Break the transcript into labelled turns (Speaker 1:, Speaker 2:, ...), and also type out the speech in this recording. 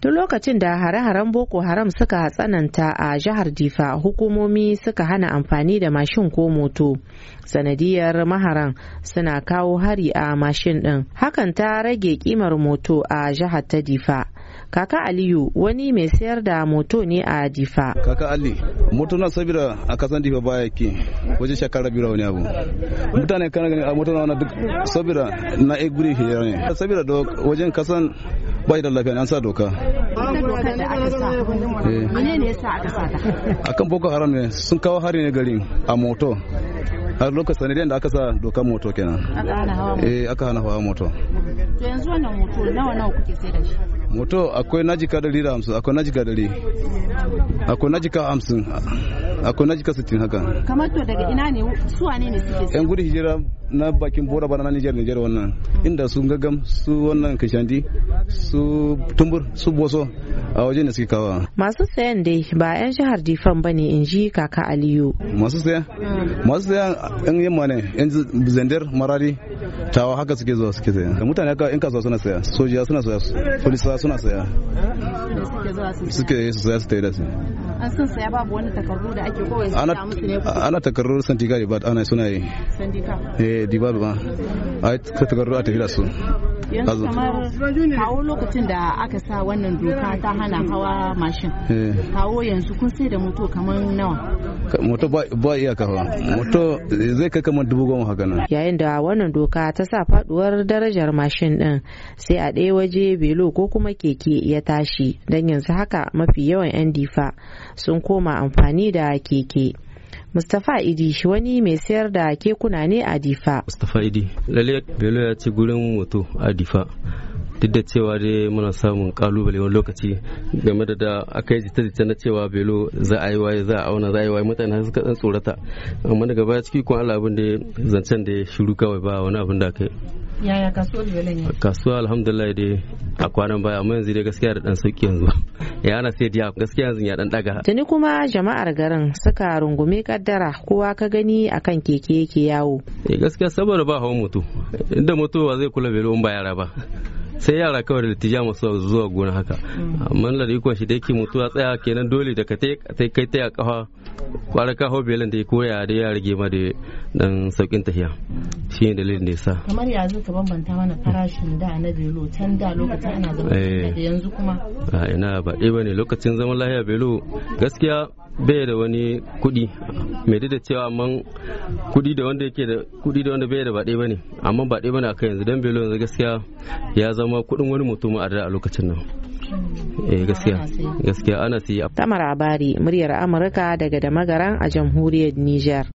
Speaker 1: Tun lokacin da hare-haren Boko Haram suka tsananta a jihar Difa hukumomi suka hana amfani da mashin ko moto. Sanadiyar maharan suna kawo hari a mashin ɗin. Hakan ta rage kimar moto a jihar ta Difa. kaka aliyu wani mai sayar da moto ne a difa
Speaker 2: kaka ali moto na sabira a kasan difa baya ke waje shekara biyu wani abu mutane kana gani a moto na wani duk sabira na a guri hira ne sabira da wajen kasan bai da lafiya an sa doka eh. a kan boko haram ne sun kawo hari ne garin a moto har lokacin sanadiyar da aka sa dokar moto kenan aka hana hawa moto eh,
Speaker 1: to yanzu wannan moto nawa nawa kuke sai da shi
Speaker 2: moto akwai najika dari da hamsin akwai najika dari akwai najika hamsin akwai najika sittin haka
Speaker 1: kamar to daga ina ne suwa ne ne suke
Speaker 2: yan gudu hijira na bakin bora bana na Niger Niger wannan inda su gaggam su wannan kishandi su tumbur su boso a wajen da suke kawo
Speaker 1: masu sayan dai ba yan jihar Difan bane in ji kaka Aliyu
Speaker 2: masu saya masu saya yan yamma ne yan zandar marari tawa haka suke zuwa suke saya mutane haka in kasuwa suna saya sojiya suna saya polisa suna saya
Speaker 1: suke zuwa
Speaker 2: su saya su tare da su
Speaker 1: an sun saya babu wani takardu da ake kowai ana musu ne ana
Speaker 2: takardu sandiga ba ana suna yi sandiga eh diba ba ai takardu a tafi da su
Speaker 1: yanzu kamar kawo lokacin da aka sa wannan doka ta hana hawa
Speaker 2: mashin eh.
Speaker 1: kawo yanzu kun sai da moto kamar nawa
Speaker 2: moto ba iya moto zai kai kamar dubu goma haka nan
Speaker 1: yayin da wannan doka ta sa faduwar darajar mashin din sai a ɗaya waje belo ko kuma keke ya tashi don yanzu haka mafi yawan 'yan difa sun koma amfani da keke Mustapha Idi shi wani mai sayar da kekuna ne a Difa.
Speaker 3: Mustapha Idi, lalle Bello ya ci gurin wato a Difa. duk da cewa dai muna samun kalubale wani lokaci game da da aka yi jita-jita na cewa belo za a yi waye za a auna za a yi waye mutane har suka dan tsorata amma daga baya ciki kun Allah abin da zancen da shiru kawai ba wani abin da aka yi
Speaker 1: yaya kasuwar belo ne
Speaker 3: kasuwa alhamdulillah dai a kwanan baya amma yanzu dai gaskiya da dan sauki yanzu ya ana sai diya gaskiya yanzu ya dan daga
Speaker 1: tuni kuma jama'ar garin suka rungume kaddara kowa ka gani akan keke yake yawo
Speaker 3: eh gaskiya saboda ba hawan mutu inda mutuwa zai kula belo in ba yara ba sai yara kawai da tija masu zuwa gona haka mm. amma da ikon shi da yake mutuwa tsaya kenan dole da ka kai ta kafa kwara ka belin da ya koya da ya rage ma da dan saukin tahiya. shi ne dalilin da yasa
Speaker 1: kamar ya zaka bambanta mana farashin da na belo can da lokacin ana zama eh. da yanzu kuma
Speaker 3: a ina ba ɗaya bane lokacin zaman lahiya belo gaskiya bai da wani kudi mai da cewa amma kudi da wanda yake da kudi da wanda bai da ba ɗaya bane amma ba ɗaya bane aka yanzu dan belo yanzu gaskiya ya zama kudin wani mutum a da a lokacin nan hmm. eh gaskiya gaskiya ana siya
Speaker 1: tamara bari muryar amurka daga damagaran a jamhuriyar niger